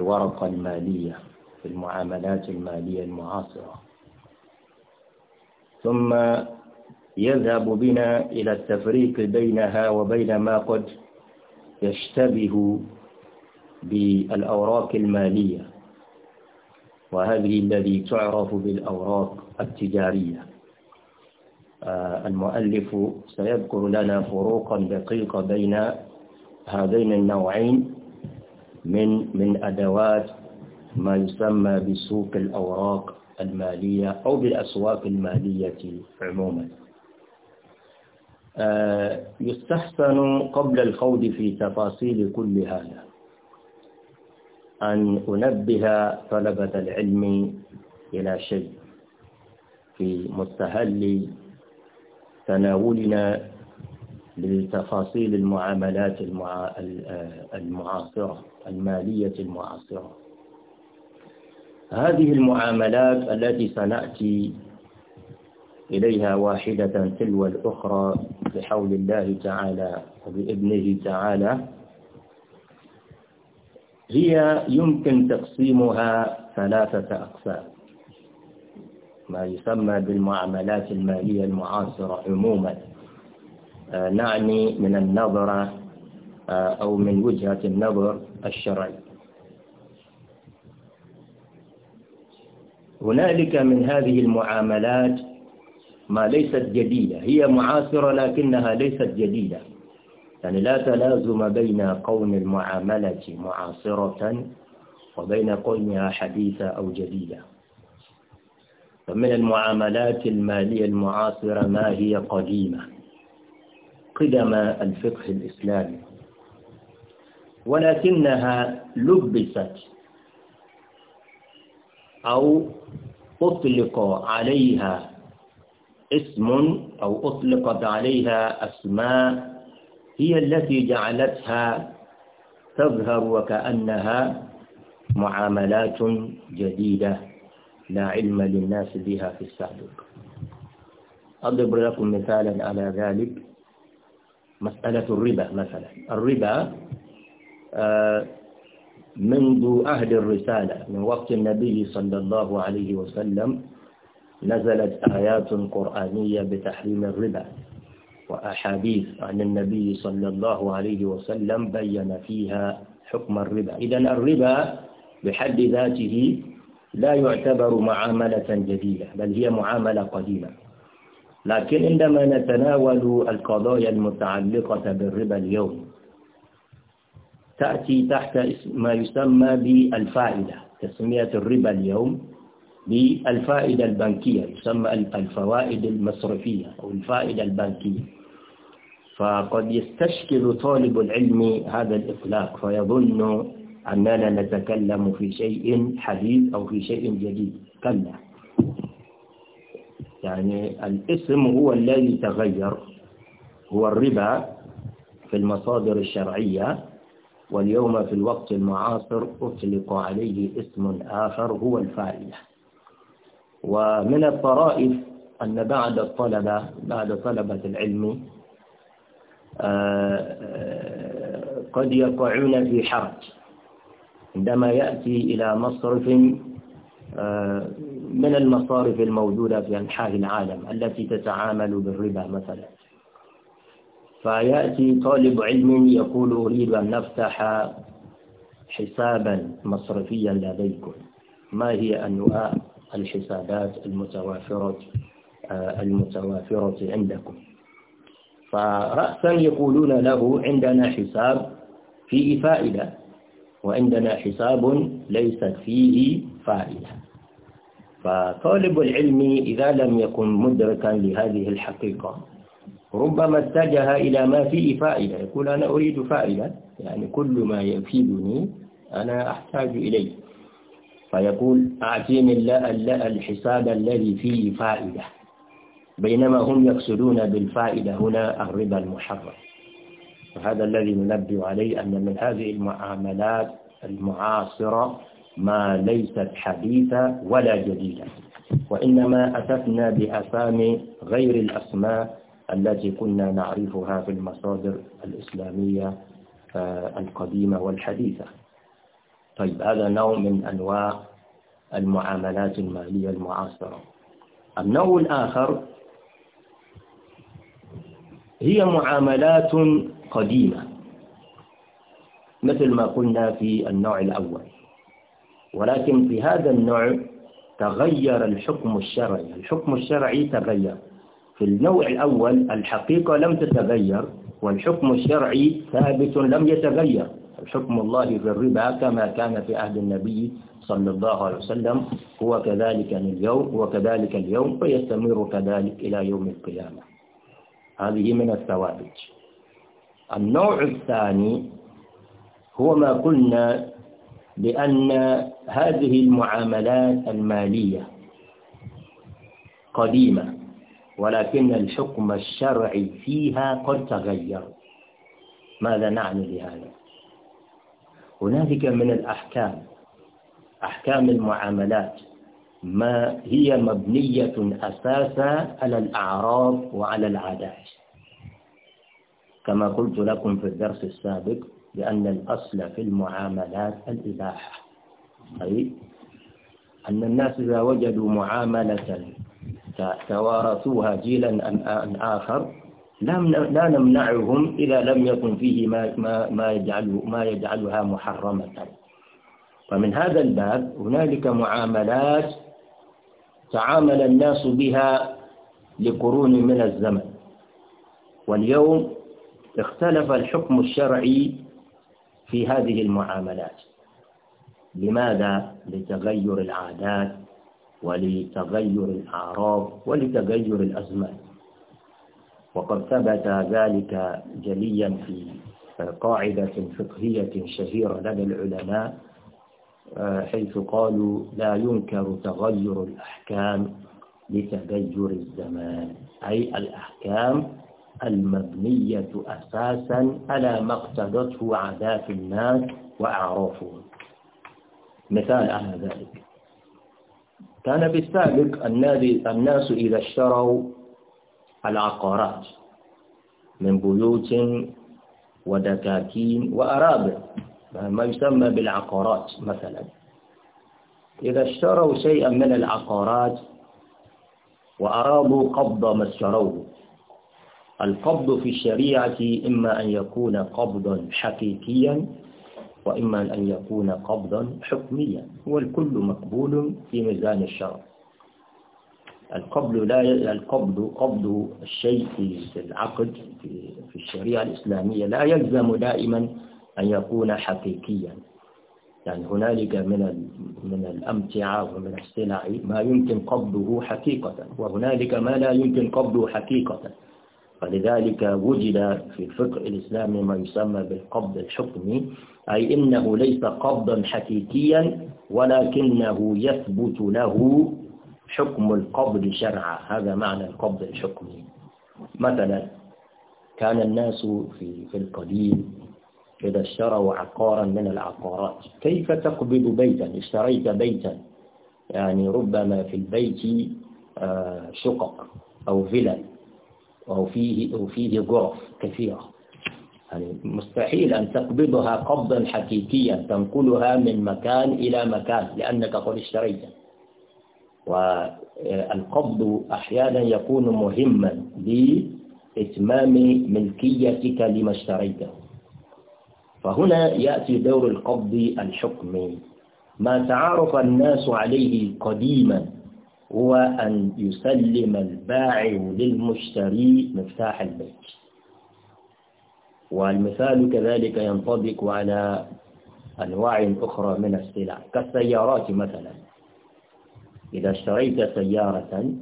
الورقة المالية في المعاملات المالية المعاصرة ثم يذهب بنا إلى التفريق بينها وبين ما قد يشتبه بالأوراق المالية وهذه الذي تعرف بالأوراق التجارية آه، المؤلف سيذكر لنا فروقا دقيقة بين هذين النوعين من من أدوات ما يسمى بسوق الأوراق المالية أو بالأسواق المالية عموما آه، يستحسن قبل الخوض في تفاصيل كل هذا أن أنبه طلبة العلم إلى شيء في مستهل تناولنا لتفاصيل المعاملات المع... المعاصرة المالية المعاصرة هذه المعاملات التي سنأتي إليها واحدة تلو الأخرى بحول الله تعالى وبإذنه تعالى هي يمكن تقسيمها ثلاثة أقسام ما يسمى بالمعاملات المالية المعاصرة عموماً آه، نعني من النظرة آه، أو من وجهة النظر الشرعي هنالك من هذه المعاملات ما ليست جديدة هي معاصرة لكنها ليست جديدة يعني لا تلازم بين قول المعاملة معاصرة وبين قولها حديثة أو جديدة فمن المعاملات المالية المعاصرة ما هي قديمة قدم الفقه الإسلامي ولكنها لبست أو أطلق عليها اسم أو أطلقت عليها أسماء هي التي جعلتها تظهر وكأنها معاملات جديدة لا علم للناس بها في السابق أضرب لكم مثالا على ذلك مسألة الربا مثلا الربا آه، منذ أهل الرسالة من وقت النبي صلى الله عليه وسلم نزلت آيات قرآنية بتحريم الربا وأحاديث عن النبي صلى الله عليه وسلم بين فيها حكم الربا إذا الربا بحد ذاته لا يعتبر معاملة جديدة بل هي معاملة قديمة لكن عندما نتناول القضايا المتعلقة بالربا اليوم تأتي تحت ما يسمى بالفائدة تسمية الربا اليوم بالفائدة البنكية يسمى الفوائد المصرفية أو الفائدة البنكية فقد يستشكل طالب العلم هذا الإطلاق فيظن أننا نتكلم في شيء حديث أو في شيء جديد كلا يعني الاسم هو الذي تغير هو الربا في المصادر الشرعية واليوم في الوقت المعاصر أطلق عليه اسم آخر هو الفائدة ومن الطرائف أن بعد الطلبة بعد طلبة العلم آه، آه، قد يقعون في حرج عندما يأتي إلى مصرف آه، من المصارف الموجودة في أنحاء العالم التي تتعامل بالربا مثلا فيأتي طالب علم يقول أريد أن نفتح حسابا مصرفيا لديكم ما هي أنواع الحسابات المتوافرة آه، المتوافرة عندكم فرأسا يقولون له عندنا حساب فيه فائدة وعندنا حساب ليس فيه فائدة فطالب العلم إذا لم يكن مدركا لهذه الحقيقة ربما اتجه إلى ما فيه فائدة يقول أنا أريد فائدة يعني كل ما يفيدني أنا أحتاج إليه فيقول أعطيني الحساب الذي فيه فائدة بينما هم يقصدون بالفائدة هنا الربا المحرم وهذا الذي ننبه عليه أن من هذه المعاملات المعاصرة ما ليست حديثة ولا جديدة وإنما أتتنا بأسامي غير الأسماء التي كنا نعرفها في المصادر الإسلامية آه، القديمة والحديثة طيب هذا نوع من أنواع المعاملات المالية المعاصرة النوع الآخر هي معاملات قديمة مثل ما قلنا في النوع الأول ولكن في هذا النوع تغير الحكم الشرعي الحكم الشرعي تغير في النوع الأول الحقيقة لم تتغير والحكم الشرعي ثابت لم يتغير حكم الله في الربا كما كان في عهد النبي صلى الله عليه وسلم هو كذلك اليوم وكذلك اليوم ويستمر كذلك إلى يوم القيامة هذه من الثوابت النوع الثاني هو ما قلنا لأن هذه المعاملات المالية قديمة ولكن الحكم الشرعي فيها قد تغير ماذا نعني بهذا هنالك من الأحكام أحكام المعاملات ما هي مبنية أساسا على الأعراض وعلى العادات كما قلت لكم في الدرس السابق لأن الأصل في المعاملات الإباحة أي طيب. أن الناس إذا وجدوا معاملة توارثوها جيلا عن آخر لا نمنعهم إذا لم يكن فيه ما, ما, ما, يجعله ما يجعلها محرمة ومن هذا الباب هنالك معاملات تعامل الناس بها لقرون من الزمن واليوم اختلف الحكم الشرعي في هذه المعاملات لماذا؟ لتغير العادات ولتغير الأعراض ولتغير الأزمان وقد ثبت ذلك جليا في قاعدة فقهية شهيرة لدى العلماء آه، حيث قالوا لا ينكر تغير الأحكام لتغير الزمان أي الأحكام المبنية أساسا على ما اقتدته عادات الناس وأعرافهم مثال على ذلك كان بالسابق الناس إذا اشتروا العقارات من بيوت ودكاكين وأرابع ما يسمى بالعقارات مثلا إذا اشتروا شيئا من العقارات وأرادوا قبض ما اشتروه القبض في الشريعة إما أن يكون قبضا حقيقيا وإما أن يكون قبضا حكميا والكل مقبول في ميزان الشرع القبض لا ي... القبض قبض الشيء في العقد في الشريعة الإسلامية لا يلزم دائما أن يكون حقيقيا يعني هنالك من من الأمتعة ومن السلع ما يمكن قبضه حقيقة وهنالك ما لا يمكن قبضه حقيقة فلذلك وجد في الفقه الإسلامي ما يسمى بالقبض الحكمي أي إنه ليس قبضا حقيقيا ولكنه يثبت له حكم القبض شرعا هذا معنى القبض الحكمي مثلا كان الناس في في القديم إذا اشتروا عقارا من العقارات كيف تقبض بيتا اشتريت بيتا يعني ربما في البيت آه، شقق أو فلل وفيه وفيه جرف كثيرة يعني مستحيل أن تقبضها قبضا حقيقيا تنقلها من مكان إلى مكان لأنك قد اشتريت والقبض أحيانا يكون مهما لإتمام ملكيتك لما اشتريته فهنا يأتي دور القبض الحكمي ما تعارف الناس عليه قديما هو أن يسلم البائع للمشتري مفتاح البيت والمثال كذلك ينطبق على أنواع أخرى من السلع كالسيارات مثلا إذا اشتريت سيارة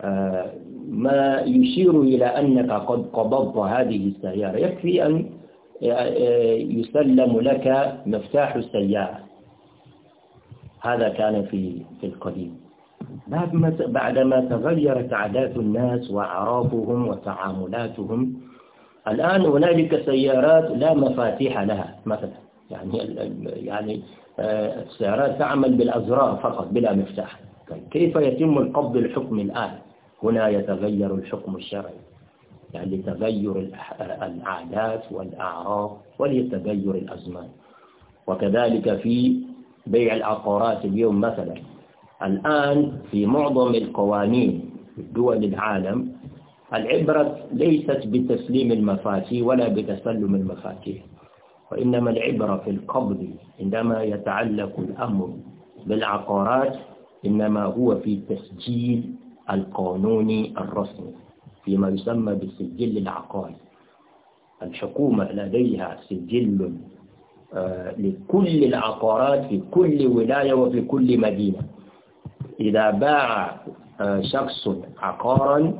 آه، ما يشير إلى أنك قد قبضت هذه السيارة يكفي أن آه، آه، يسلم لك مفتاح السيارة هذا كان في في القديم بعدما تغيرت عادات الناس وأعرافهم وتعاملاتهم الآن هنالك سيارات لا مفاتيح لها مثلا يعني يعني آه، السيارات تعمل بالأزرار فقط بلا مفتاح طيب، كيف يتم القبض الحكم الآن هنا يتغير الحكم الشرعي يعني لتغير العادات والأعراف ولتغير الأزمان وكذلك في بيع العقارات اليوم مثلا الآن في معظم القوانين في دول العالم العبرة ليست بتسليم المفاتيح ولا بتسلم المفاتيح وإنما العبرة في القبض عندما يتعلق الأمر بالعقارات إنما هو في تسجيل القانوني الرسمي فيما يسمى بالسجل العقاري الحكومة لديها سجل آه، لكل العقارات في كل ولاية وفي كل مدينة إذا باع آه، شخص عقارا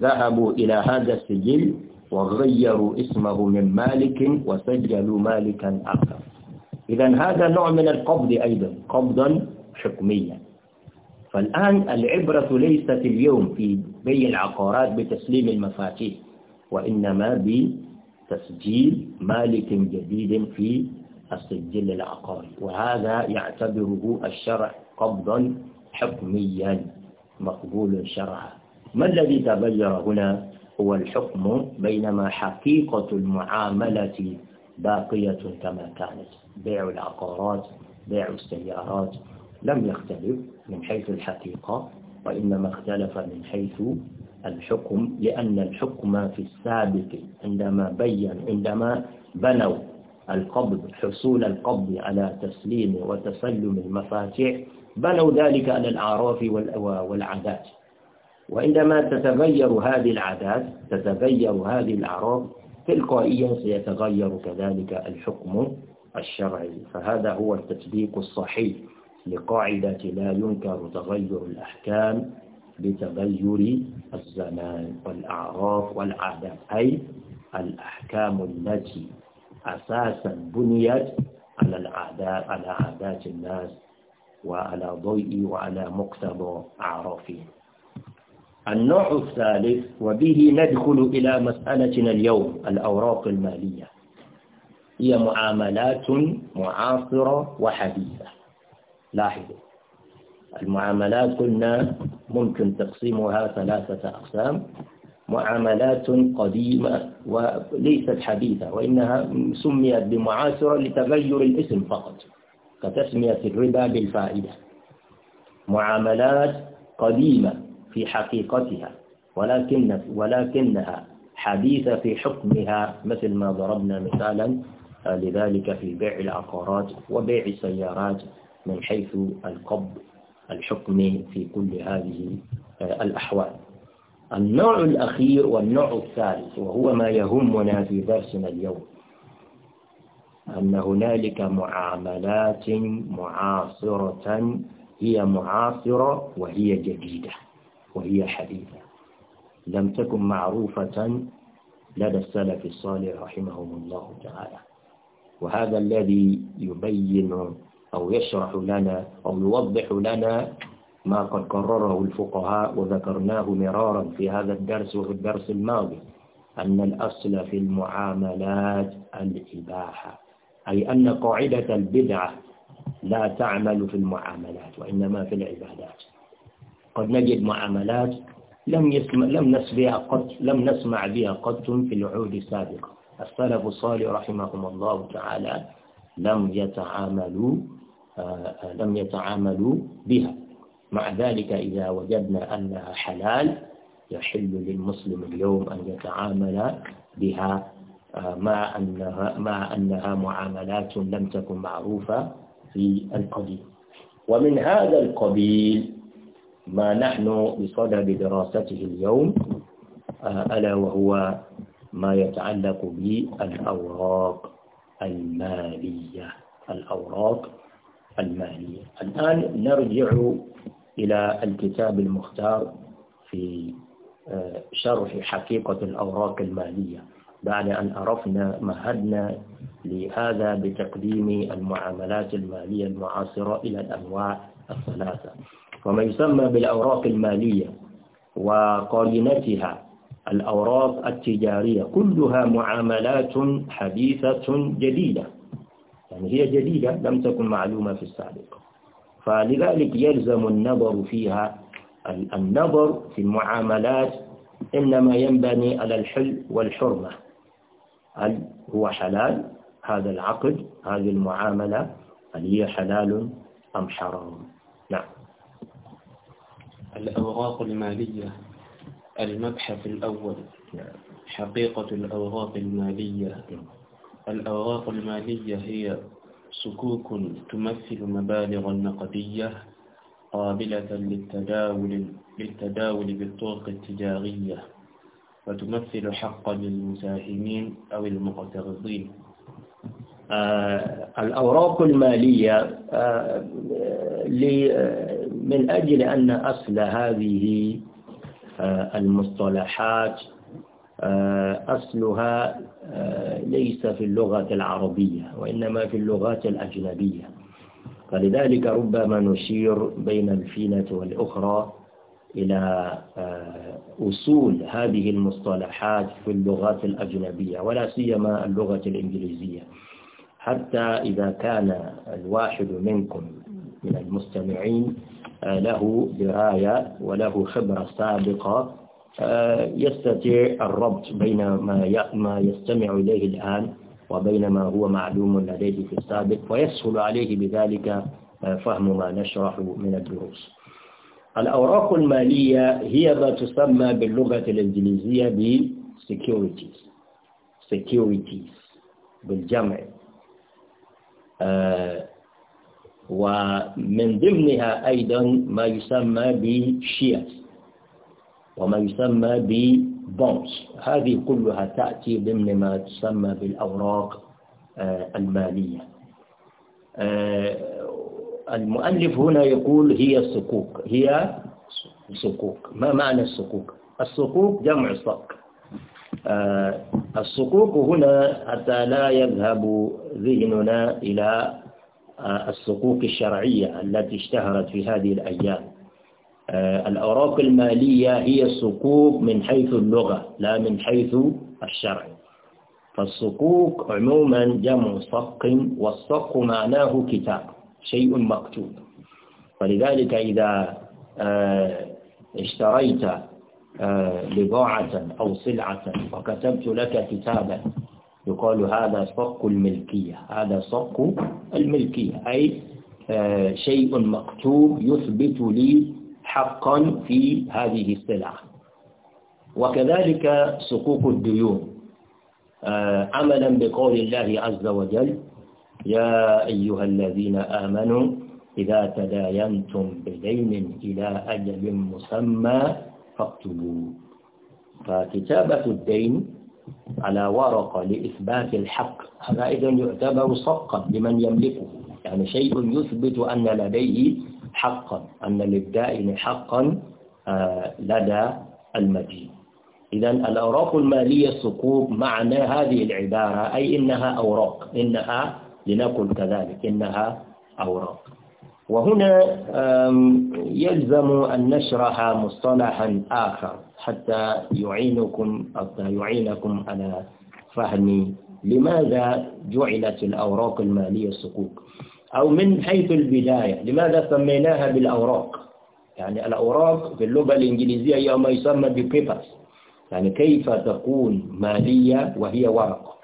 ذهبوا إلى هذا السجل وغيروا اسمه من مالك وسجلوا مالكا آخر إذا هذا نوع من القبض أيضا قبضا حكميا فالآن العبرة ليست اليوم في بيع العقارات بتسليم المفاتيح وإنما بتسجيل مالك جديد في السجل العقاري وهذا يعتبره الشرع قبضا حكميا مقبول شرعا ما الذي تغير هنا هو الحكم بينما حقيقة المعاملة باقية كما كانت بيع العقارات بيع السيارات لم يختلف من حيث الحقيقة وإنما اختلف من حيث الحكم لأن الحكم في السابق عندما بين عندما بنوا القبض حصول القبض على تسليم وتسلم المفاتيح بنوا ذلك على الأعراف والعادات وعندما تتغير هذه العادات تتغير هذه الأعراف تلقائيا سيتغير كذلك الحكم الشرعي فهذا هو التطبيق الصحيح لقاعدة لا ينكر تغير الأحكام بتغير الزمان والأعراف والعادات أي الأحكام التي أساسا بنيت على العادات على عادات الناس وعلى ضيء وعلى مقتضى عرفي النوع الثالث وبه ندخل إلى مسألتنا اليوم الأوراق المالية هي معاملات معاصرة وحديثة لاحظوا المعاملات قلنا ممكن تقسيمها ثلاثة أقسام معاملات قديمة وليست حديثة وإنها سميت بمعاصرة لتغير الاسم فقط كتسمية الربا بالفائدة معاملات قديمة في حقيقتها ولكن ولكنها حديثة في حكمها مثل ما ضربنا مثالا آه، لذلك في بيع العقارات وبيع السيارات من حيث القبض الحكم في كل هذه آه، الأحوال النوع الأخير والنوع الثالث وهو ما يهمنا في درسنا اليوم أن هنالك معاملات معاصرة هي معاصرة وهي جديدة وهي حديثة لم تكن معروفة لدى السلف الصالح رحمهم الله تعالى وهذا الذي يبين أو يشرح لنا أو يوضح لنا ما قد قرره الفقهاء وذكرناه مرارا في هذا الدرس وفي الدرس الماضي أن الأصل في المعاملات الإباحة أي أن قاعدة البدعة لا تعمل في المعاملات وإنما في العبادات قد نجد معاملات لم يسمع لم نسمع بها قط لم نسمع بها قط في العهود السابقة السلف الصالح رحمهم الله تعالى لم يتعاملوا آه، آه، لم يتعاملوا بها مع ذلك إذا وجدنا أنها حلال يحل للمسلم اليوم أن يتعامل بها مع أنها, مع أنها معاملات لم تكن معروفة في القديم ومن هذا القبيل ما نحن بصدد دراسته اليوم آه، ألا وهو ما يتعلق بالأوراق المالية الأوراق المالية الآن نرجع إلى الكتاب المختار في آه، شرح حقيقة الأوراق المالية بعد أن عرفنا مهدنا لهذا بتقديم المعاملات المالية المعاصرة إلى الأنواع الثلاثة وما يسمى بالأوراق المالية وقارنتها الأوراق التجارية كلها معاملات حديثة جديدة يعني هي جديدة لم تكن معلومة في السابق فلذلك يلزم النظر فيها النظر في المعاملات إنما ينبني على الحل والحرمة هل هو حلال هذا العقد هذه المعاملة هل هي حلال أم حرام نعم الأوراق المالية المبحث الأول نعم. حقيقة الأوراق المالية نعم. الأوراق المالية هي سكوك تمثل مبالغ نقدية قابلة للتداول, للتداول بالطرق التجارية وتمثل حقا للمساهمين أو المقترضين آه، الأوراق المالية آه، آه، من أجل أن أصل هذه المصطلحات أصلها ليس في اللغة العربية وإنما في اللغات الأجنبية فلذلك ربما نشير بين الفينة والأخرى إلى آه، أصول هذه المصطلحات في اللغات الأجنبية ولا سيما اللغة الإنجليزية حتى إذا كان الواحد منكم من المستمعين آه، له دراية وله خبرة سابقة آه، يستطيع الربط بين ما يستمع إليه الآن وبين ما هو معلوم لديه في السابق ويسهل عليه بذلك فهم ما نشرح من الدروس الأوراق المالية هي ما تسمى باللغة الإنجليزية ب securities securities بالجمع آه ومن ضمنها أيضا ما يسمى shares وما يسمى bonds هذه كلها تأتي ضمن ما تسمى بالأوراق آه المالية آه المؤلف هنا يقول هي الصكوك هي الصكوك ما معنى الصكوك الصكوك جمع صك آه، الصكوك هنا حتى لا يذهب ذهننا إلى آه، الصكوك الشرعية التي اشتهرت في هذه الأيام آه، الأوراق المالية هي الصكوك من حيث اللغة لا من حيث الشرع فالصكوك عموما جمع صق والصق معناه كتاب شيء مكتوب ولذلك إذا آه، اشتريت آه، بضاعة أو سلعة وكتبت لك كتابا يقال هذا صك الملكية هذا صك الملكية أي آه، شيء مكتوب يثبت لي حقا في هذه السلعة وكذلك سقوق الديون عملا بقول الله عز وجل يا أيها الذين آمنوا إذا تداينتم بدين إلى أجل مسمى فاكتبوه فكتابة الدين على ورقة لإثبات الحق هذا إذن يعتبر صقا لمن يملكه يعني شيء يثبت أن لديه حقا أن للدائن حقا آه، لدى المدين إذا الأوراق المالية الصكوب معنى هذه العبارة أي إنها أوراق إنها لنقل كذلك إنها أوراق وهنا يلزم أن نشرح مصطلحا آخر حتى يعينكم حتى يعينكم على فهم لماذا جعلت الأوراق المالية الصكوك أو من حيث البداية لماذا سميناها بالأوراق يعني الأوراق في اللغة الإنجليزية هي ما يسمى ببيبرز يعني كيف تكون مالية وهي ورقة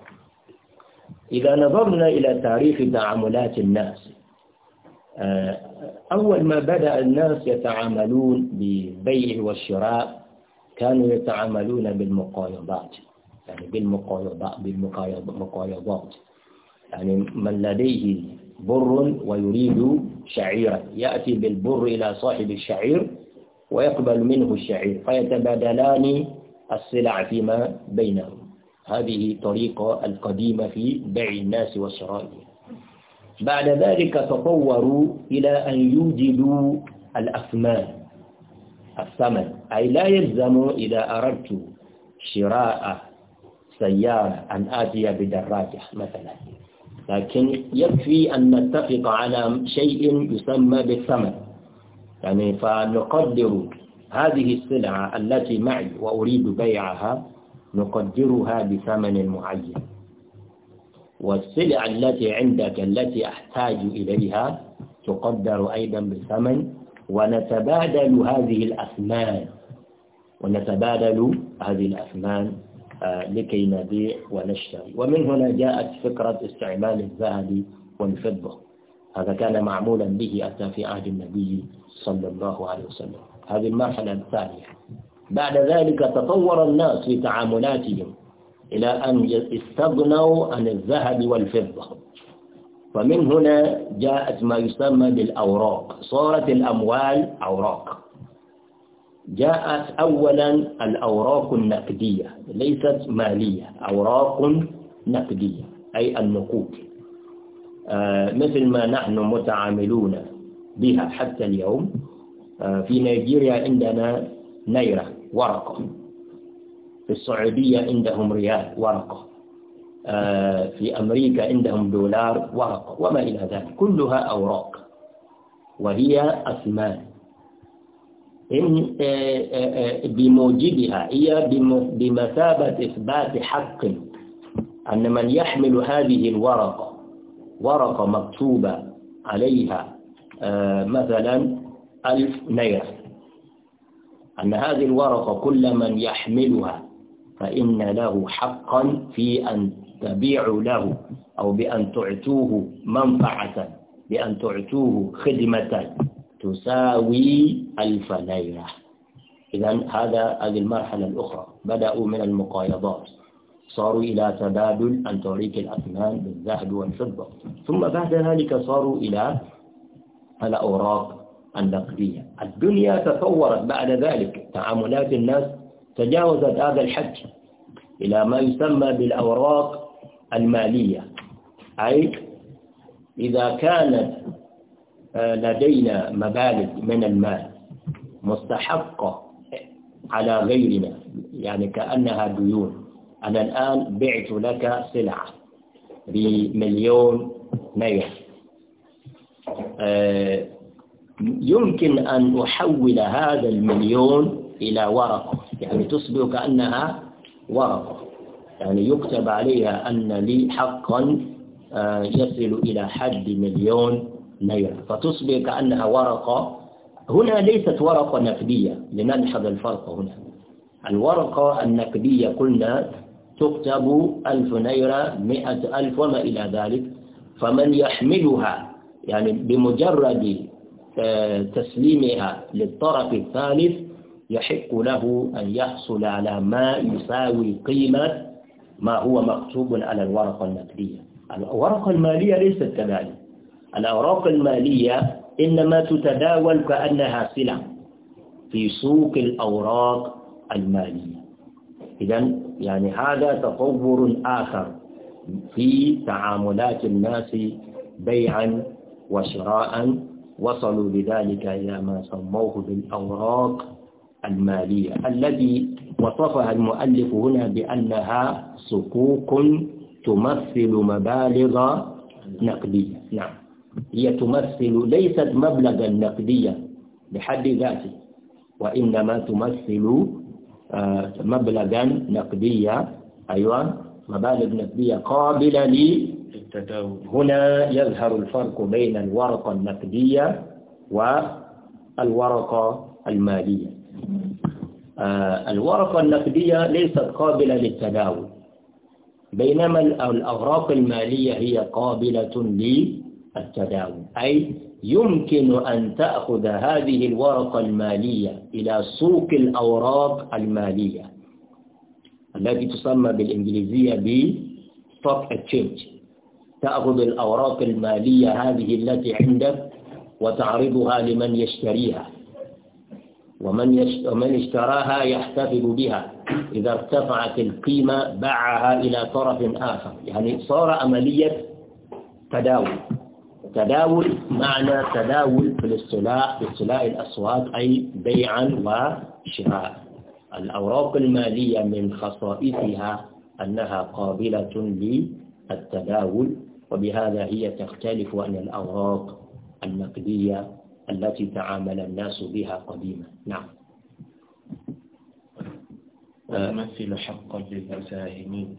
إذا نظرنا إلى تاريخ تعاملات الناس آه، أول ما بدأ الناس يتعاملون بالبيع والشراء كانوا يتعاملون بالمقايضات يعني بالمقايضات بالمقايضات يعني من لديه بر ويريد شعيرا يأتي بالبر إلى صاحب الشعير ويقبل منه الشعير فيتبادلان السلع فيما بينهم هذه طريقة القديمة في بيع الناس وشرائهم بعد ذلك تطوروا إلى أن يوجدوا الأثمان الثمن أي لا يلزم إذا أردت شراء سيارة أن آتي بدراجة مثلا لكن يكفي أن نتفق على شيء يسمى بالثمن يعني فنقدر هذه السلعة التي معي وأريد بيعها نقدرها بثمن معين والسلع التي عندك التي أحتاج إليها تقدر أيضا بثمن ونتبادل هذه الأثمان ونتبادل هذه الأثمان آه، لكي نبيع ونشتري ومن هنا جاءت فكرة استعمال الذهب والفضة هذا كان معمولا به أتى في عهد النبي صلى الله عليه وسلم هذه المرحلة الثانية بعد ذلك تطور الناس في تعاملاتهم إلى أن استغنوا عن الذهب والفضة فمن هنا جاءت ما يسمى بالأوراق صارت الأموال أوراق جاءت أولا الأوراق النقدية ليست مالية أوراق نقدية أي النقود آه، مثل ما نحن متعاملون بها حتى اليوم آه، في نيجيريا عندنا نيرة ورقة في السعودية عندهم ريال ورقة آه، في أمريكا عندهم دولار ورقة وما إلى ذلك كلها أوراق وهي أثمان إن آه، آه، بموجبها هي بمثابة إثبات حق أن من يحمل هذه الورقة ورقة مكتوبة عليها مثلا ألف نيرة أن هذه الورقة كل من يحملها فإن له حقا في أن تبيعوا له أو بأن تعتوه منفعة بأن تعتوه خدمة تساوي ألف ليرة إذا هذا هذه المرحلة الأخرى بدأوا من المقايضات صاروا إلى تبادل أن توريك الأثمان بالذهب والفضة ثم بعد ذلك صاروا إلى الأوراق النقدية الدنيا تطورت بعد ذلك تعاملات الناس تجاوزت هذا الحد إلى ما يسمى بالأوراق المالية أي إذا كانت آه، لدينا مبالغ من المال مستحقة على غيرنا يعني كأنها ديون أنا الآن بعت لك سلعة بمليون نير آه، يمكن أن أحول هذا المليون إلى ورقة يعني تصبح كأنها ورقة يعني يكتب عليها أن لي حقا آه، يصل إلى حد مليون ليرة فتصبح كأنها ورقة هنا ليست ورقة نقدية لنلحظ الفرق هنا الورقة النقدية قلنا تكتب ألف نيرة مئة ألف وما إلى ذلك فمن يحملها يعني بمجرد تسليمها للطرف الثالث يحق له أن يحصل على ما يساوي قيمة ما هو مكتوب على الورقة النقدية الورقة المالية ليست كذلك الأوراق المالية إنما تتداول كأنها سلع في سوق الأوراق المالية إذا يعني هذا تطور آخر في تعاملات الناس بيعا وشراء وصلوا بذلك إلى ما سموه بالأوراق المالية الذي وصفها المؤلف هنا بأنها صكوك تمثل مبالغ نقدية نعم هي تمثل ليست مبلغا نقديا بحد ذاته وإنما تمثل آه، مبلغا نقديا أيوة مبالغ نقدية قابلة التداول هنا يظهر الفرق بين الورقة النقدية والورقة المالية آه، الورقة النقدية ليست قابلة للتداول بينما الأوراق المالية هي قابلة للتداول أي يمكن أن تأخذ هذه الورقة المالية إلى سوق الأوراق المالية التي تسمى بالإنجليزية بـ stock exchange تأخذ الأوراق المالية هذه التي عندك وتعرضها لمن يشتريها ومن ومن اشتراها يحتفظ بها إذا ارتفعت القيمة باعها إلى طرف آخر يعني صار عملية تداول تداول معنى تداول في الاصطلاح في اصطلاح الأسواق أي بيعا وشراء الأوراق المالية من خصائصها أنها قابلة للتداول وبهذا هي تختلف عن الأوراق النقدية التي تعامل الناس بها قديما نعم ويمثل حقا للمساهمين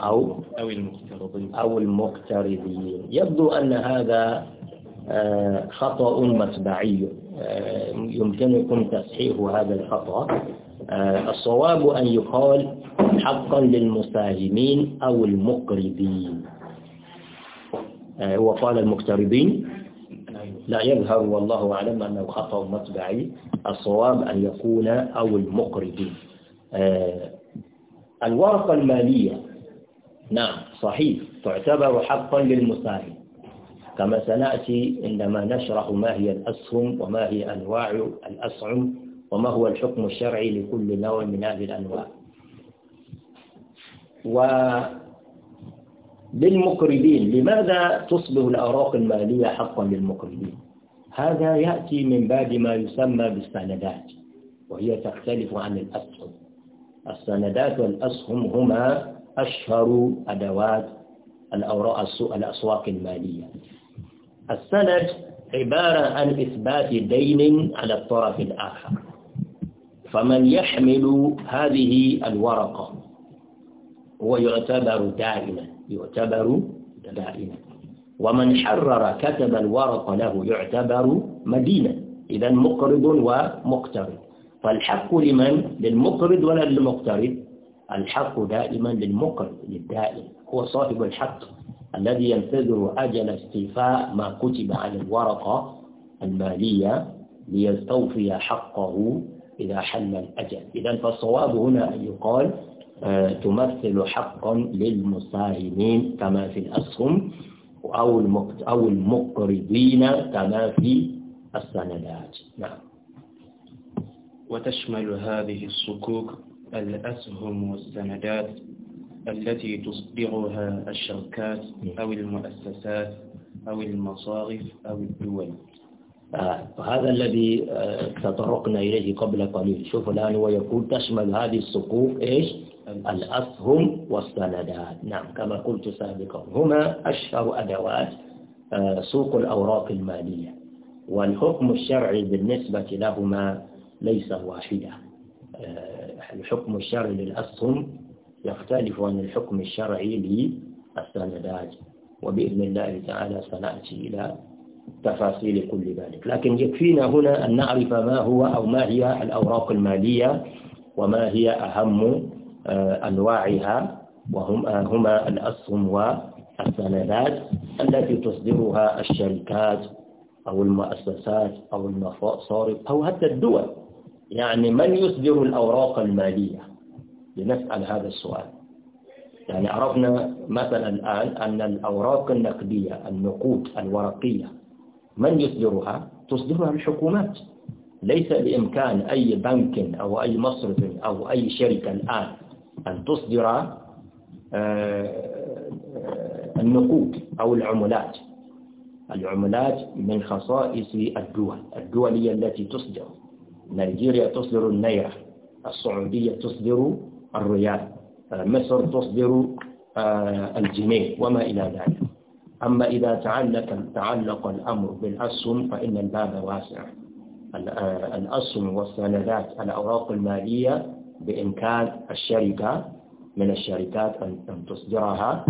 أو أو المقترضين أو المقترضين يبدو أن هذا آه، خطأ مسبعي آه، يمكنكم تصحيح هذا الخطأ آه، الصواب أن يقال حقا للمساهمين أو المقرضين آه، وقال المقتربين لا يظهر والله أعلم أنه خطأ مطبعي الصواب أن يكون أو المقربين آه، الورقة المالية نعم صحيح تعتبر حقا للمساهم كما سنأتي عندما نشرح ما هي الأسهم وما هي أنواع الأسهم وما هو الحكم الشرعي لكل نوع من هذه الأنواع و للمقربين لماذا تصبح الأوراق المالية حقا للمقربين هذا يأتي من بعد ما يسمى بالسندات وهي تختلف عن الأسهم السندات والأسهم هما أشهر أدوات الأوراق الأسواق المالية السند عبارة عن إثبات دين على الطرف الآخر فمن يحمل هذه الورقة هو يعتبر دائما يعتبر دائما ومن حرر كتب الورق له يعتبر مدينة إذا مقرض ومقترض فالحق لمن للمقرض ولا للمقترض الحق دائما للمقرض للدائم هو صاحب الحق الذي ينتظر أجل استيفاء ما كتب على الورقة المالية ليستوفي حقه إذا حل الأجل إذا فالصواب هنا أن يقال آه، تمثل حقا للمساهمين كما في الأسهم أو أو المقرضين كما في السندات نعم وتشمل هذه الصكوك الأسهم والسندات التي تصدرها الشركات نعم. أو المؤسسات أو المصارف أو الدول آه. الذي آه تطرقنا إليه قبل قليل شوف الآن هو يقول تشمل هذه الصكوك إيش الأسهم والسندات نعم كما قلت سابقا هما أشهر أدوات آه، سوق الأوراق المالية والحكم الشرعي بالنسبة لهما ليس واحدا آه، الحكم الشرعي للأسهم يختلف عن الحكم الشرعي للسندات وبإذن الله تعالى سنأتي إلى تفاصيل كل ذلك لكن يكفينا هنا أن نعرف ما هو أو ما هي الأوراق المالية وما هي أهم آه، أنواعها وهما هما الأسهم والسندات التي تصدرها الشركات أو المؤسسات أو المصارف أو حتى الدول يعني من يصدر الأوراق المالية لنسأل هذا السؤال يعني عرفنا مثلا الآن أن الأوراق النقدية النقود الورقية من يصدرها؟ تصدرها الحكومات ليس بإمكان أي بنك أو أي مصرف أو أي شركة الآن أن تصدر آه، آه، النقود أو العملات العملات من خصائص الدول الدولية التي تصدر نيجيريا تصدر النيرة السعودية تصدر الريال آه، مصر تصدر الجنيه وما إلى ذلك أما إذا تعلق تعلق الأمر بالأسهم فإن الباب واسع الأسهم والسندات الأوراق المالية بإمكان الشركة من الشركات أن تصدرها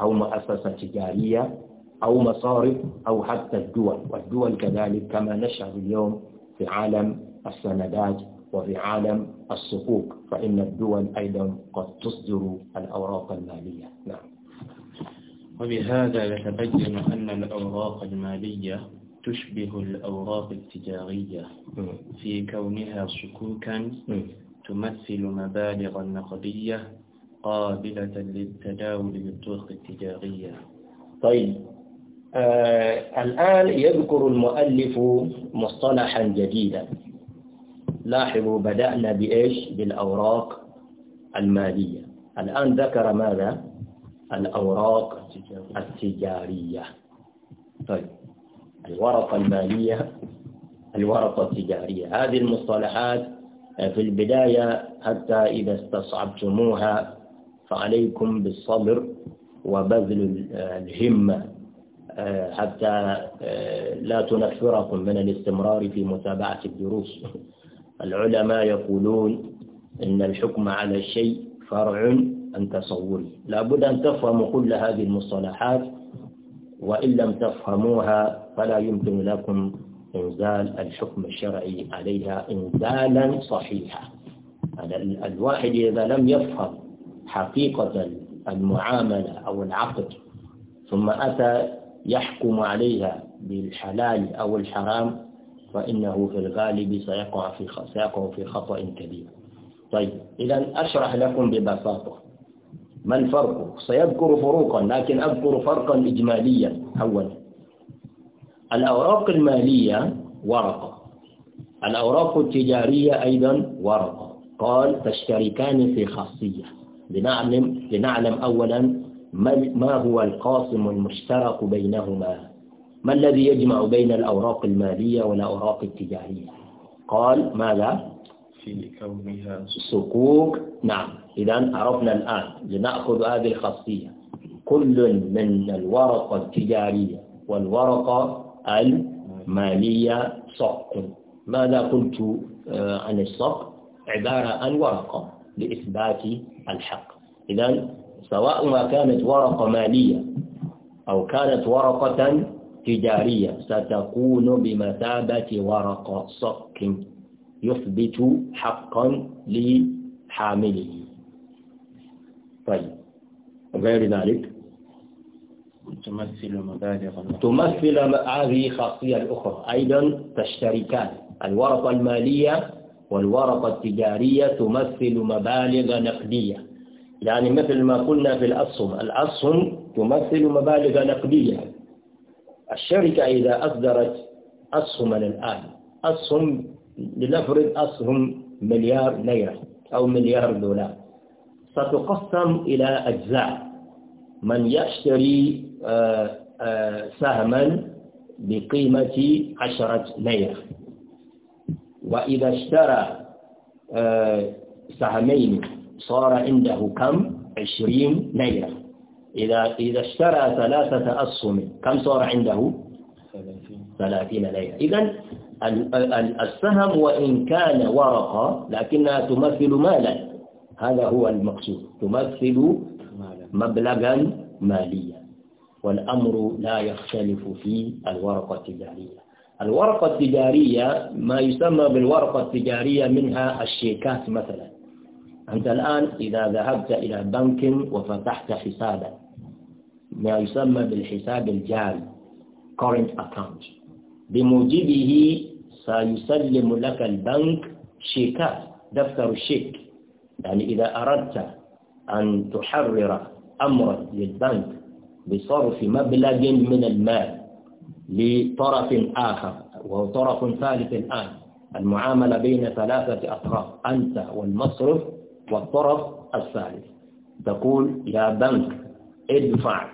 أو مؤسسة تجارية أو مصارف أو حتى الدول والدول كذلك كما نشهد اليوم في عالم السندات وفي عالم الصكوك فإن الدول أيضا قد تصدر الأوراق المالية نعم وبهذا يتبين أن الأوراق المالية تشبه الأوراق التجارية في كونها صكوكا تمثل مبالغ نقدية قابلة للتداول بالطرق التجارية طيب آه الآن يذكر المؤلف مصطلحا جديدا لاحظوا بدأنا بإيش بالأوراق المالية الآن ذكر ماذا الأوراق التجارية طيب الورقة المالية الورقة التجارية هذه المصطلحات في البداية حتى إذا استصعبتموها فعليكم بالصبر وبذل الهمة آه، حتى آه، لا تنفركم من الاستمرار في متابعة الدروس العلماء يقولون إن الحكم على الشيء فرع عن تصوري لابد أن تفهموا كل هذه المصطلحات وإن لم تفهموها فلا يمكن لكم إنزال الحكم الشرعي عليها إنزالا صحيحا الواحد إذا لم يفهم حقيقة المعاملة أو العقد ثم أتى يحكم عليها بالحلال أو الحرام فإنه في الغالب سيقع في سيقع في خطأ كبير طيب إذا أشرح لكم ببساطة ما الفرق سيذكر فروقا لكن أذكر فرقا إجماليا أولا الأوراق المالية ورقة الأوراق التجارية أيضا ورقة قال تشتركان في خاصية لنعلم, لنعلم أولا ما هو القاسم المشترك بينهما ما الذي يجمع بين الأوراق المالية والأوراق التجارية قال ماذا في كونها صكوك نعم إذا عرفنا الآن لنأخذ هذه الخاصية كل من الورقة التجارية والورقة المالية صق ماذا قلت آه، عن الصق عبارة عن ورقة لإثبات الحق إذا سواء ما كانت ورقة مالية أو كانت ورقة تجارية ستكون بمثابة ورقة صق يثبت حقا لحامله طيب غير ذلك تمثل مبالغ تمثل هذه خاصية الأخرى أيضا تشتركان الورقة المالية والورقة التجارية تمثل مبالغ نقدية يعني مثل ما قلنا في الأسهم الأسهم تمثل مبالغ نقدية الشركة إذا أصدرت أسهم الآن أسهم لنفرض أسهم مليار ليرة أو مليار دولار ستقسم إلى أجزاء من يشتري سهما بقيمة عشرة ليرة وإذا اشترى آه، سهمين صار عنده كم عشرين ليرة إذا إذا اشترى ثلاثة أسهم كم صار عنده ثلاثين ليرة إذا السهم وإن كان ورقة لكنها تمثل مالا هذا هو المقصود تمثل مبلغا ماليا والأمر لا يختلف في الورقة التجارية الورقة التجارية ما يسمى بالورقة التجارية منها الشيكات مثلا أنت الآن إذا ذهبت إلى بنك وفتحت حسابا ما يسمى بالحساب الجاري current account بموجبه سيسلم لك البنك شيكات دفتر الشيك يعني إذا أردت أن تحرر أمرا للبنك بصرف مبلغ من المال لطرف آخر وهو طرف ثالث الآن المعاملة بين ثلاثة أطراف أنت والمصرف والطرف الثالث تقول يا بنك ادفع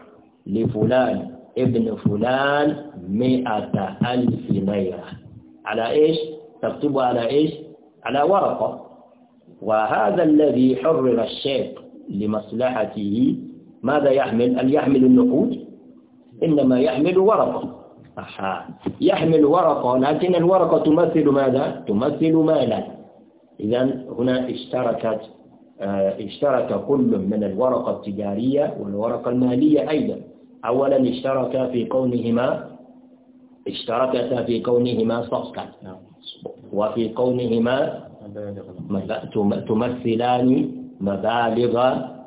لفلان ابن فلان مئة ألف ليرة على إيش؟ تكتب على إيش؟ على ورقة وهذا الذي حرر الشيخ لمصلحته ماذا يحمل هل يحمل النقود إنما يحمل ورقة أحا. يحمل ورقة لكن الورقة تمثل ماذا تمثل مالا إذا هنا اشتركت آه، اشترك كل من الورقة التجارية والورقة المالية أيضا أولا اشترك في كونهما اشتركتا في كونهما صفقا وفي كونهما تمثلان مبالغ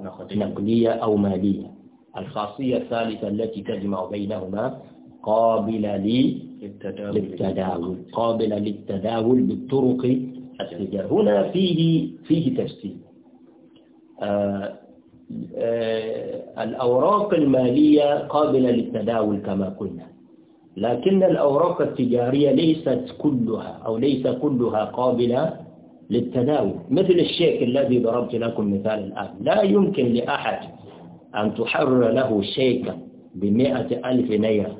نقدية أو مالية الخاصية الثالثة التي تجمع بينهما قابلة للتداول قابلة للتداول بالطرق التجارية هنا فيه فيه تفسير آه، آه، الأوراق المالية قابلة للتداول كما قلنا لكن الأوراق التجارية ليست كلها أو ليس كلها قابلة للتداوي مثل الشيك الذي ضربت لكم مثال الآن لا يمكن لأحد أن تحرر له شيكا بمئة ألف نيرة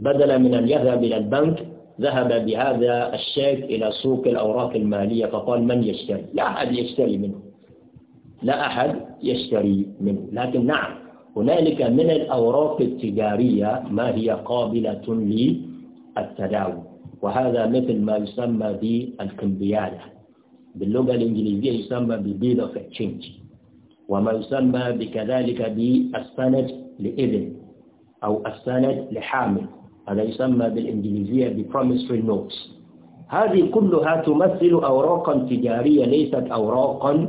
بدلا من أن يذهب إلى البنك ذهب بهذا الشيك إلى سوق الأوراق المالية فقال من يشتري لا أحد يشتري منه لا أحد يشتري منه لكن نعم هنالك من الأوراق التجارية ما هي قابلة للتداول وهذا مثل ما يسمى بالكمبيالة باللغة الإنجليزية يسمى ببيد اوف تشينج وما يسمى بكذلك بالسند لإذن أو السند لحامل هذا يسمى بالإنجليزية بروميسري نوتس هذه كلها تمثل أوراقا تجارية ليست أوراقا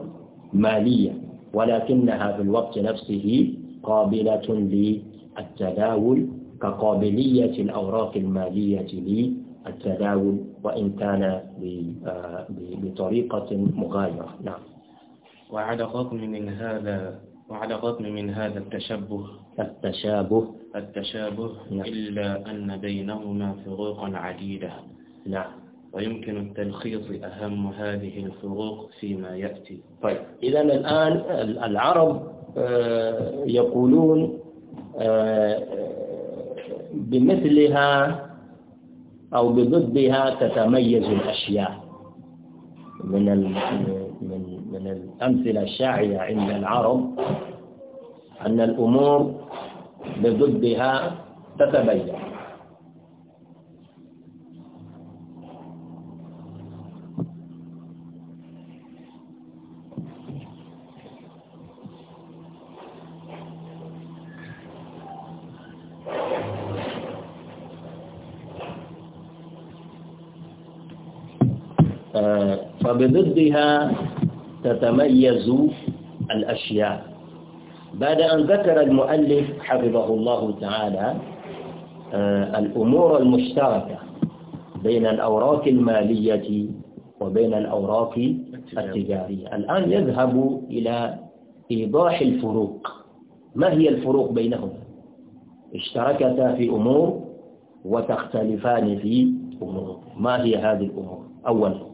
مالية ولكنها في الوقت نفسه قابلة للتداول كقابلية الأوراق المالية التداول وإن كان آه، بطريقة مغايرة نعم وعلى الرغم من هذا وعلى الرغم من هذا التشبه التشابه التشابه نعم. إلا أن بينهما فروقا عديدة نعم ويمكن التلخيص أهم هذه الفروق فيما يأتي طيب إذا الآن العرب آه، يقولون آه، بمثلها أو بضدها تتميز الأشياء من من من الأمثلة الشائعة عند العرب أن الأمور بضدها تتبين آه، فبضدها تتميز الأشياء بعد أن ذكر المؤلف حفظه الله تعالى آه، الأمور المشتركة بين الأوراق المالية وبين الأوراق التجارية الآن يذهب إلى إيضاح الفروق ما هي الفروق بينهما اشتركتا في أمور وتختلفان في أمور ما هي هذه الأمور أولا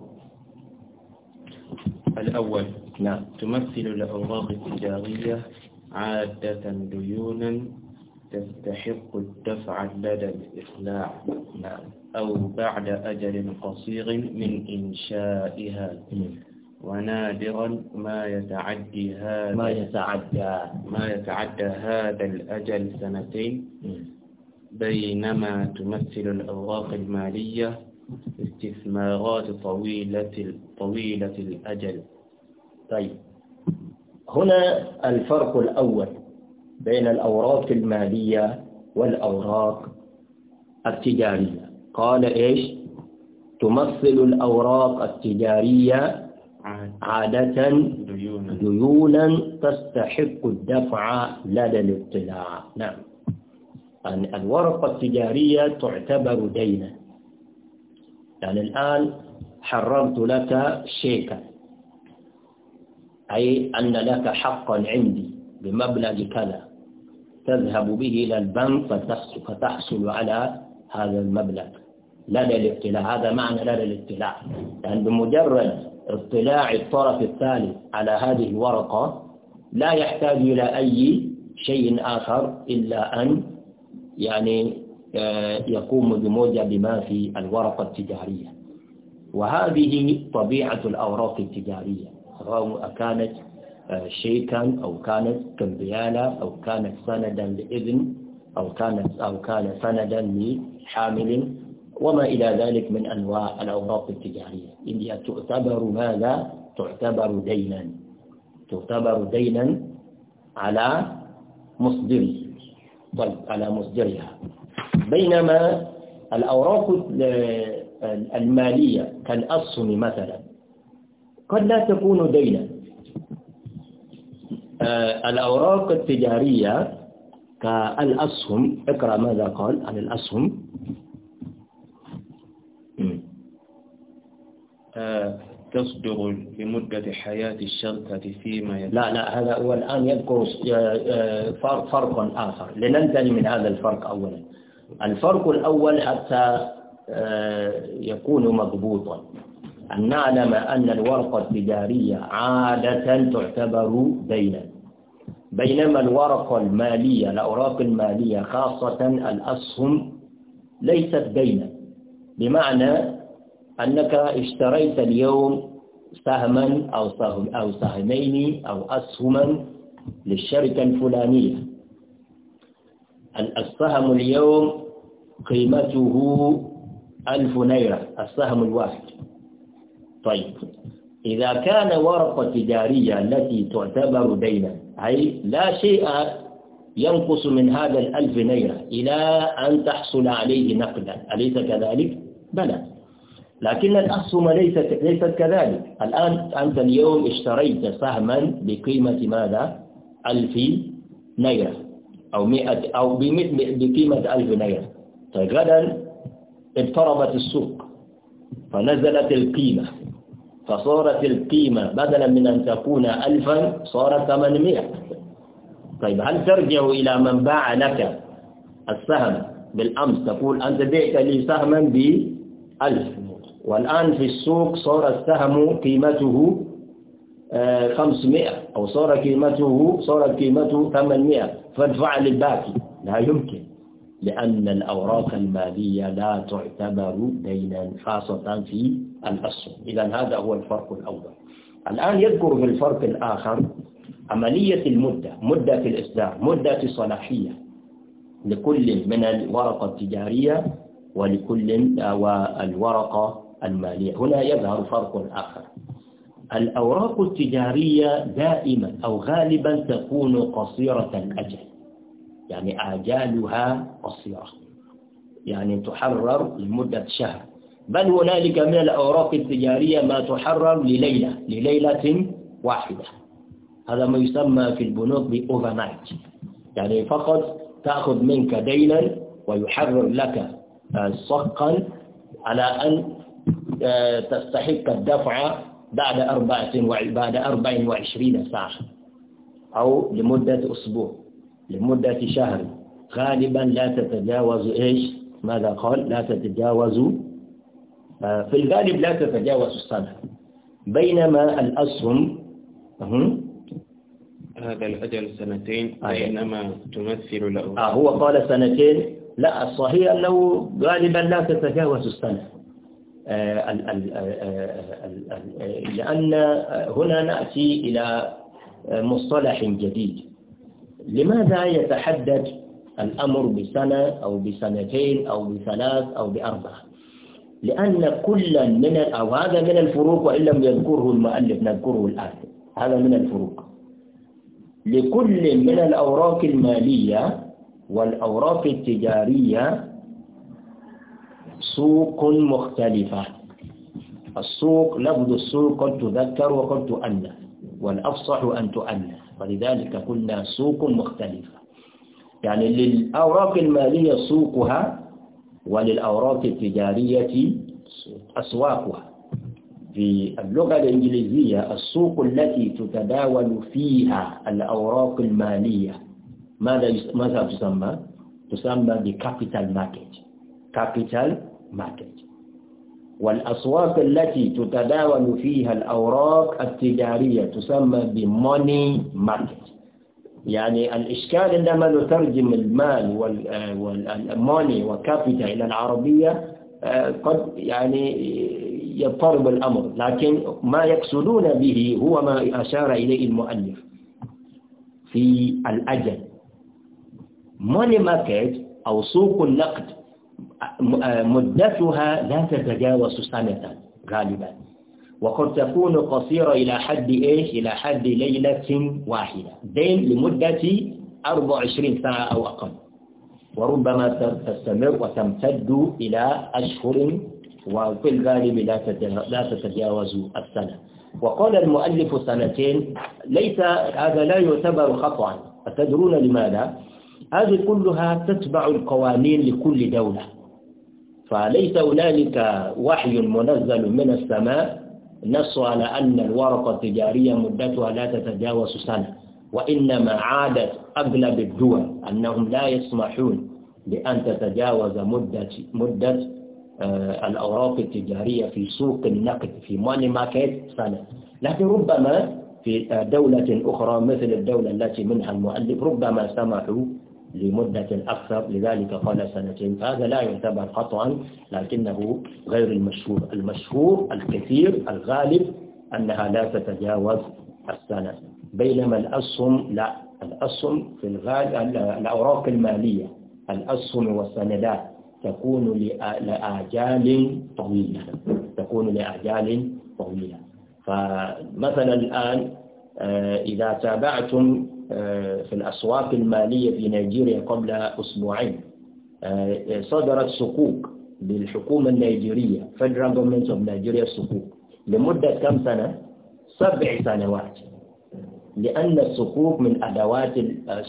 الأول نعم تمثل الأوراق التجارية عادة ديونا تستحق الدفع لدى الإخلاع نعم أو بعد أجل قصير من إنشائها ونادرا ما يتعدي هذا ما يتعدى ما يتعدى هذا الأجل سنتين بينما تمثل الأوراق المالية استثمارات طويلة طويلة الأجل طيب هنا الفرق الأول بين الأوراق المالية والأوراق التجارية قال إيش تمثل الأوراق التجارية عادة ديونا تستحق الدفع لدى الاطلاع نعم يعني الورقة التجارية تعتبر دينا يعني الآن حررت لك شيكا أي أن لك حقا عندي بمبلغ كذا تذهب به إلى البنك فتحصل على هذا المبلغ لدى الابتلاء هذا معنى لدى الابتلاء لأن بمجرد اطلاع الطرف الثالث على هذه الورقة لا يحتاج إلى أي شيء آخر إلا أن يعني آه، يقوم بموجب ما في الورقة التجارية وهذه طبيعة الأوراق التجارية أو كانت آه، شيكا أو كانت كمبيالا أو كانت سندا لإذن أو كانت أو كان سندا لحامل وما إلى ذلك من أنواع الأوراق التجارية إن تعتبر ماذا؟ تعتبر دينا تعتبر دينا على مصدر طيب على مصدرها بينما الأوراق المالية كالأسهم مثلا قد لا تكون دينا آه، الأوراق التجارية كالأسهم اقرأ ماذا قال عن الأسهم آه، تصدر لمدة حياة الشركة فيما لا لا هذا هو الآن يذكر آه، فرق, فرق آخر لننتهي من هذا الفرق أولا الفرق الأول حتى يكون مضبوطا أن نعلم أن الورقة التجارية عادة تعتبر دينا بينما الورقة المالية الأوراق المالية خاصة الأسهم ليست دينا بمعنى أنك اشتريت اليوم سهما أو سهم أو سهمين أو أسهما للشركة الفلانية السهم اليوم قيمته ألف نيرة السهم الواحد طيب إذا كان ورقة تجارية التي تعتبر دينا أي لا شيء ينقص من هذا الألف ليرة إلى أن تحصل عليه نقدا أليس كذلك؟ بلى لكن الأسهم ليست, ليست كذلك الآن أنت اليوم اشتريت سهما بقيمة ماذا؟ ألف ليرة أو مئة أو بقيمة ألف ليرة طيب غدا اضطربت السوق فنزلت القيمة فصارت القيمة بدلا من أن تكون ألفا صارت 800 طيب هل ترجع إلى من باع لك السهم بالأمس تقول أنت بعت لي سهما بألف والآن في السوق صار السهم قيمته 500 آه، أو صار قيمته صارت قيمته 800 فادفع للباقي لا يمكن لأن الأوراق المالية لا تعتبر دينا خاصة في الأسهم إذا هذا هو الفرق الأول الآن يذكر بالفرق الآخر عملية المدة مدة الإصدار مدة الصلاحية لكل من الورقة التجارية ولكل آه، والورقة المالية هنا يظهر فرق آخر الأوراق التجارية دائما أو غالبا تكون قصيرة الأجل يعني آجالها قصيرة يعني تحرر لمدة شهر بل هنالك من الأوراق التجارية ما تحرر لليلة لليلة واحدة هذا ما يسمى في البنوك بأوفرنايت يعني فقط تأخذ منك دينا ويحرر لك آه، صقا على أن آه، تستحق الدفع بعد 24 بعد 24 ساعة أو لمدة أسبوع لمدة شهر غالبا لا تتجاوز إيش ماذا قال لا تتجاوز آه، في الغالب لا تتجاوز السنة بينما الأسهم أه؟ هذا الأجل سنتين آه. بينما تمثل له آه هو قال سنتين لا الصحيح أنه غالبا لا تتجاوز السنة آه ال ال ال لأن هنا نأتي إلى مصطلح جديد لماذا يتحدد الأمر بسنة أو بسنتين أو بثلاث أو بأربعة لأن كل من أو هذا من الفروق وإن لم يذكره المؤلف نذكره الآن هذا من الفروق لكل من الأوراق المالية والأوراق التجارية سوق مختلفة السوق لفظ السوق قد تذكر وقد تؤنث والأفصح أن تؤنث ولذلك قلنا سوق مختلفة يعني للأوراق المالية سوقها وللأوراق التجارية أسواقها في اللغة الإنجليزية السوق التي تتداول فيها الأوراق المالية ماذا ماذا تسمى؟ تسمى بكابيتال ماركت كابيتال ماركت والأسواق التي تتداول فيها الأوراق التجارية تسمى بموني ماركت يعني الإشكال عندما نترجم المال والموني آه، آه، وكابيتا إلى العربية آه، قد يعني يضطرب الأمر لكن ما يقصدون به هو ما أشار إليه المؤلف في الأجل موني ماركت أو سوق النقد مدتها لا تتجاوز سنة غالبا وقد تكون قصيرة إلى حد إيش إلى حد ليلة واحدة دين لمدة 24 ساعة أو أقل وربما تستمر وتمتد إلى أشهر وفي الغالب لا تتجاوز السنة وقال المؤلف سنتين ليس هذا لا يعتبر خطأ أتدرون لماذا؟ هذه كلها تتبع القوانين لكل دولة فليس هنالك وحي منزل من السماء نص على أن الورقة التجارية مدتها لا تتجاوز سنة وإنما عادت أغلب الدول أنهم لا يسمحون بأن تتجاوز مدة, مدة آه، الأوراق التجارية في سوق النقد في ماني ماركت سنة لكن ربما في آه، دولة أخرى مثل الدولة التي منها المؤلف ربما سمحوا لمدة أكثر لذلك قال سنتين هذا لا يعتبر قطعا لكنه غير المشهور المشهور الكثير الغالب أنها لا تتجاوز السنة بينما الأسهم لا الأسهم في الغالب الأوراق المالية الأسهم والسندات تكون لآجال طويلة تكون لآجال طويلة فمثلا الآن آه، إذا تابعتم آه، في الأسواق المالية في نيجيريا قبل أسبوعين آه، آه، صدرت سقوق للحكومة النيجيرية Federal Government of Nigeria سقوق لمدة كم سنة؟ سبع سنوات لأن السقوق من أدوات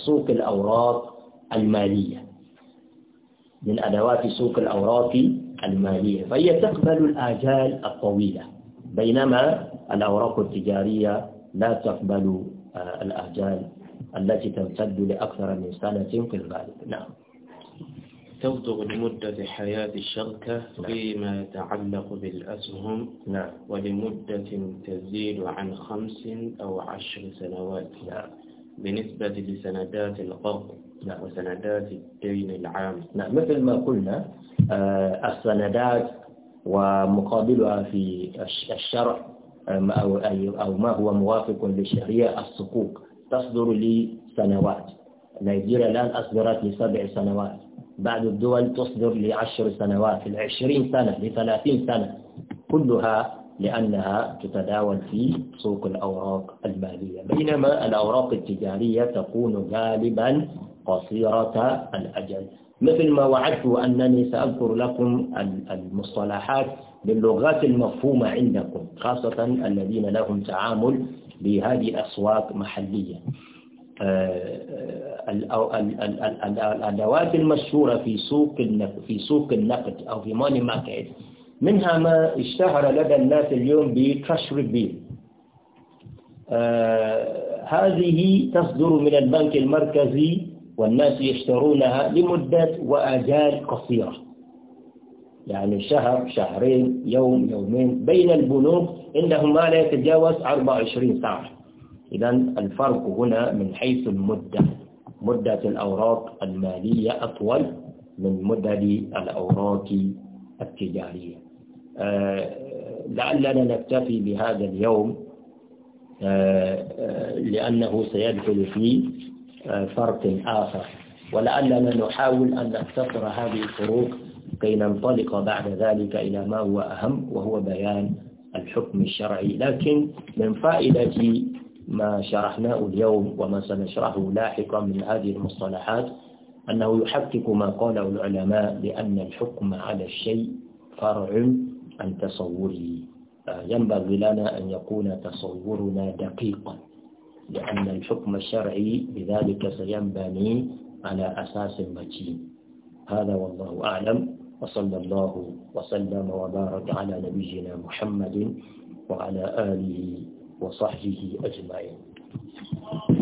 سوق الأوراق المالية من أدوات سوق الأوراق المالية فهي تقبل الآجال الطويلة بينما الأوراق التجارية لا تقبل الآجال التي تمتد لأكثر من سنة في الغالب، نعم تبدغ لمدة حياة الشركة نعم. فيما يتعلق بالأسهم نعم. ولمدة تزيد عن خمس أو عشر سنوات نعم. بالنسبة لسندات القرض نعم. وسندات الدين العام نعم. مثل ما قلنا آه السندات ومقابلها في الشرع آه، أو, أو ما هو موافق للشريعة السقوق تصدر لسنوات نيجيريا الآن أصدرت لسبع سنوات بعض الدول تصدر لعشر سنوات لعشرين سنة لثلاثين سنة كلها لأنها تتداول في سوق الأوراق المالية بينما الأوراق التجارية تكون غالبا قصيرة الأجل مثل ما وعدت أنني سأذكر لكم المصطلحات باللغات المفهومة عندكم خاصة الذين لهم تعامل بهذه أسواق محلية آه، آه، الأدوات المشهورة في سوق في سوق النقد أو في ماني ماركت منها ما اشتهر لدى الناس اليوم بترشري بيل آه، هذه تصدر من البنك المركزي والناس يشترونها لمدة وأجال قصيرة يعني شهر شهرين يوم يومين بين البنوك إنه ما لا يتجاوز 24 ساعة إذا الفرق هنا من حيث المدة مدة الأوراق المالية أطول من مدة الأوراق التجارية آه، لعلنا نكتفي بهذا اليوم آه، آه، لأنه سيدخل في فرق آخر ولعلنا نحاول أن نختصر هذه الفروق كي ننطلق بعد ذلك إلى ما هو أهم وهو بيان الحكم الشرعي لكن من فائدة ما شرحناه اليوم وما سنشرحه لاحقا من هذه المصطلحات أنه يحقق ما قاله العلماء بأن الحكم على الشيء فرع عن تصوره ينبغي لنا أن يكون تصورنا دقيقا لأن الحكم الشرعي بذلك سينبني على أساس متين هذا والله أعلم وصلى الله وسلم وبارك على نبينا محمد وعلى آله وصحبه أجمعين